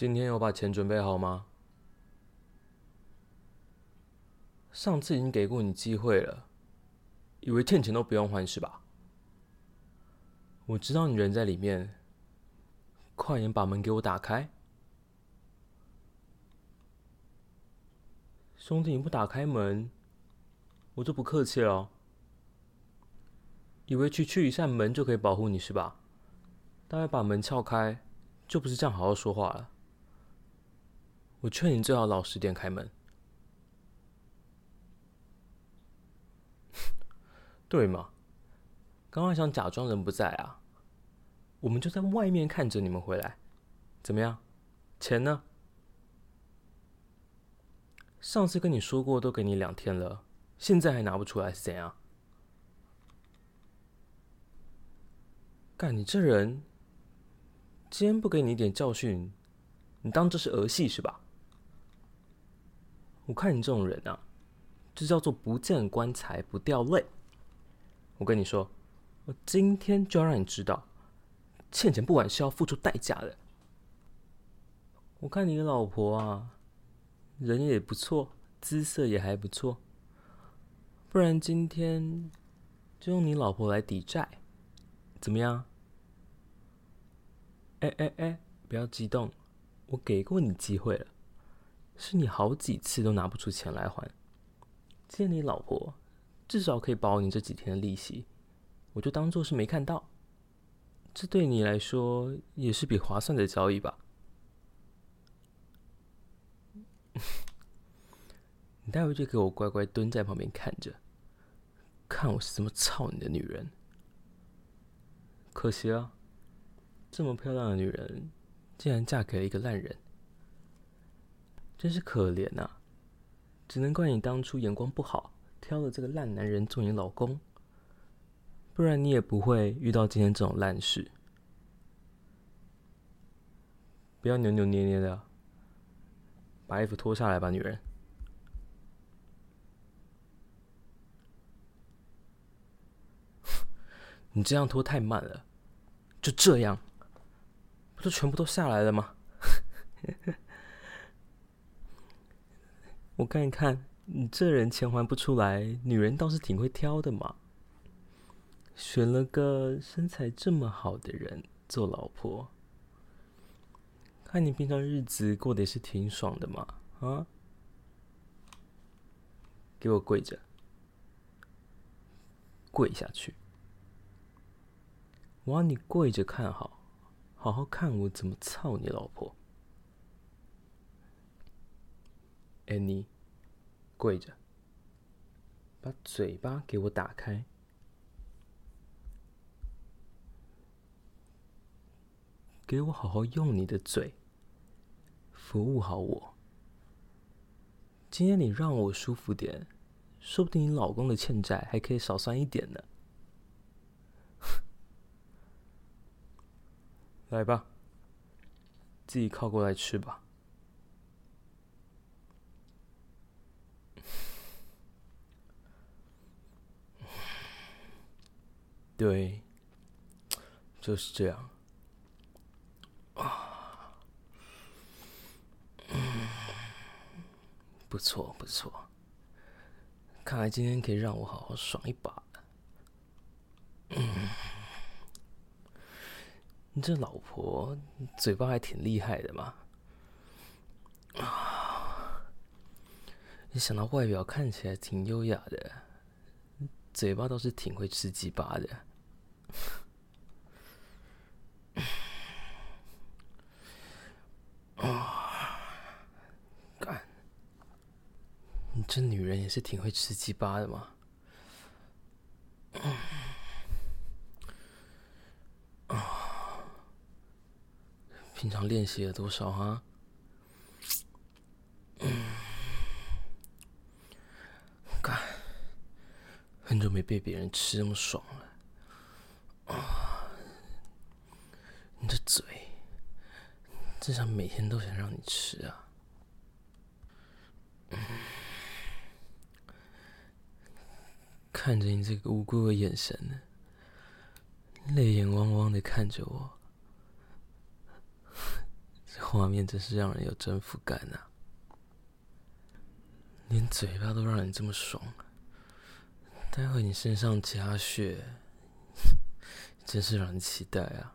今天有把錢準備好嗎？上次已經給過你機會了，以為欠錢都不用還是吧？我知道你人在裡面，快點把門給我打開。兄弟，你不打開門，我就不客氣了喔。以為區區一扇門就可以保護你是吧？待會把門撬開，就不是這樣好好說話了。我勸你最好老實點開門， 對嘛？剛剛還想假裝人不在啊，我們就在外面看着你們回來，怎麼樣？錢呢？上次跟你說過，都給你兩天了，現在還拿不出來是怎樣？幹你這人，今天不給你一點教訓，你當這是兒戲是吧？我看你這種人啊，這叫做不見棺材不掉淚。我跟你說，我今天就要讓你知道，欠錢不還是要付出代價的。我看你的老婆啊，人也不錯，姿色也還不錯，不然今天就用你老婆來抵債，怎麼樣？哎哎哎，不要激動，我給過你機會了。是你好幾次都拿不出錢來還，借你老婆，至少可以包你這幾天的利息，我就當做是沒看到，這對你來說也是筆划算的交易吧。 你待會就給我乖乖蹲在旁邊看着，看我是怎麼操你的女人。可惜了，這麼漂亮的女人，竟然嫁給了一個爛人。真是可憐吶，只能怪你當初眼光不好，挑了這個爛男人做你老公，不然你也不會遇到今天這種爛事。不要扭扭捏捏的，把衣服脫下來吧，女人。 你這樣脫太慢了，就這樣，不就全部都下來了嗎？ 我看一看，你這人錢還不出來，女人倒是挺會挑的嘛，選了個身材這麼好的人做老婆，看你平常日子過得也是挺爽的嘛。啊，給我跪着，跪下去，我讓你跪着看好，好好看我怎麼操你老婆。安妮、欸，跪着，把嘴巴給我打開，給我好好用你的嘴服務好我。今天你讓我舒服點，說不定你老公的欠債還可以少算一點呢。 來吧，自己靠過來吃吧。對，就是這樣。啊、嗯，不錯不錯，看來今天可以讓我好好爽一把。嗯、你這老婆嘴巴還挺厲害的嘛！啊、嗯，一想到外表看起來挺優雅的，嘴巴倒是挺會吃雞巴的。啊！幹、哦！你這女人也是挺會吃雞巴的嘛！啊、哦！平常練習了多少啊？幹、嗯！很久沒被別人吃這麼爽了。真想每天都想讓你吃啊、嗯！看着你這個無辜的眼神，淚眼汪汪的看着我，這畫面真是讓人有征服感啊！連嘴巴都讓你這麼爽、啊，待會你身上加血，真是讓人期待啊！